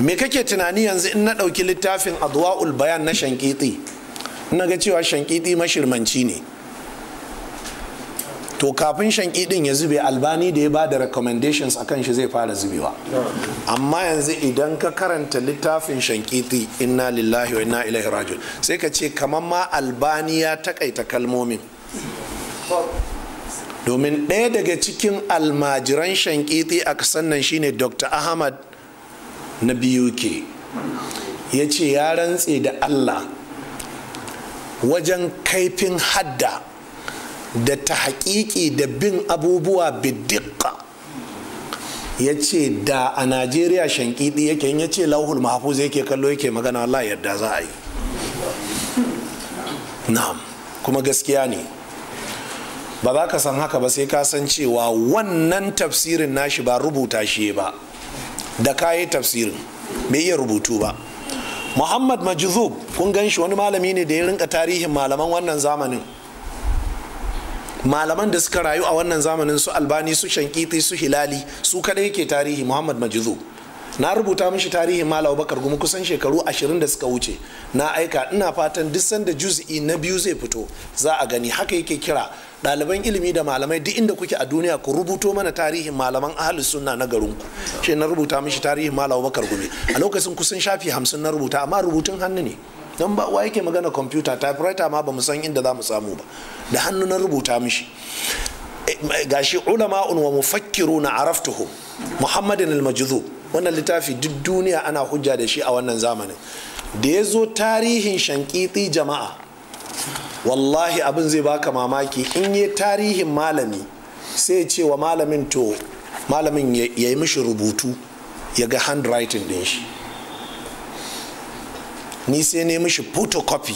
me kake tunani yanzu in na ɗauki littafin adwa'ul bayan na shankiti na ga cewa shankiti mashirmanci ne to kafin shankidin ya zube albani da ya bada da recommendations a shi zai fara zubewa amma yanzu idan ka karanta littafin shankiti inna lillahi wa inna ilaihi rajul sai ka ce kamar ma albani ya takaita kalmomin domin ɗaya daga cikin almajiran shankiti a kasan nan shine dr ahmad na biyu ke ya ce ya rantse da allah wajen kaifin hadda da ta haƙiƙi da bin abubuwa bidikka ya ce da a najeriya shanƙiɗi yake ya ce lauhul mahafuz yake kallo yake magana allah yadda za a yi na'am kuma gaskiya ne ba za ka san haka ba sai ka san cewa wannan tafsirin nashi ba rubuta shi ba da kayi tafsirin bai iya rubutu ba muhammad majzub kun gan shi wani malami ne da ya rinka tarihin malaman wannan zamanin malaman da suka rayu a wannan zamanin su albani su shankiti su hilali su kadai yake tarihi muhammad majzub na rubuta mishi tarihin malam bakar gumi kusan shekaru ashirin da suka wuce na aika ina fatan duk sanda juz'i na biyu zai fito za a gani haka yake kira ɗaliban ilimi da malamai duk inda kuke a duniya ku rubuto mana tarihin malaman ahalus sunna na garinku shi na rubuta mishi tarihin malam bakar gumi a lokacin kusan shafi hamsin na rubuta amma rubutun hannu ne don ba wa yake magana kwamfuta typewriter ma ba mu san inda za mu samu ba da hannu na rubuta mishi eh, eh, gashi ulama'un wa na araftuhu muhammadin al wannan littafi duk duniya ana hujja da shi a wannan zamanin da ya zo tarihin shankiti jama'a wallahi abin zai baka mamaki in yi tarihin malami sai ce wa malamin to malamin ya yi mishi rubutu ya ga handwriting din shi ni sai ne mishi photocopy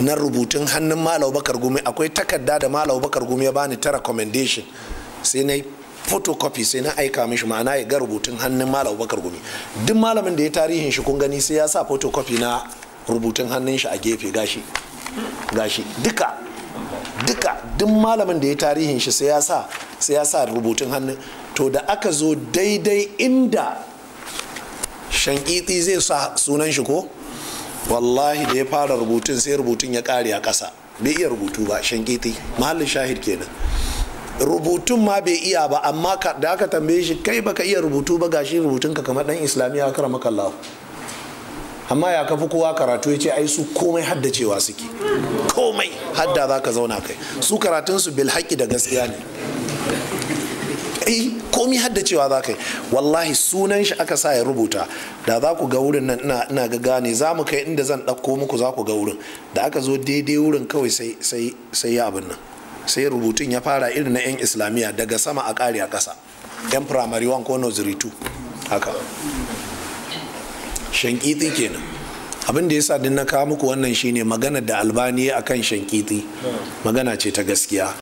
na rubutun hannun malau bakar gumi akwai takarda da malau bakar gumi ya bani ta recommendation sai na photocopy sai na aika mishi ma'ana ya ga rubutun hannun malau bakar gumi duk malamin da ya tarihin shi kun gani sai ya sa photocopy na rubutun hannun shi a gefe gashi gashi duka duka duk malamin da ya tarihin shi sai ya sa sai ya rubutun hannu to da aka zo daidai inda shankiti zai sa sunan shi ko wallahi da ya fara rubutun sai rubutun ya kare a ƙasa bai iya rubutu ba shankiti mahallin shahid kenan rubutun ma bai iya ba amma da aka tambaye shi kai baka iya rubutu ba gashi rubutun ka kamar dan islamiya kara amma ya kafi kowa karatu ya ce ai su komai haddacewa suke komai hadda za ka zauna kai su karatunsu bil haƙi da gaskiya ne ai eh, komi haddacewa za ka yi wallahi sunan shi aka sa ya rubuta da za ku ga wurin nan ina ga gane za mu kai inda zan ɗauko muku za ku ga wurin da aka zo daidai wurin kawai sai ya abin nan sai rubutun ya fara irin na 'yan islamiyya daga sama a ƙari a ƙasa 'yan firamare 1 ko nursery 2 haka shankiti kenan abin da ya sa duk na kawo muku wannan shine magana da albani akan shankiti magana ce ta gaskiya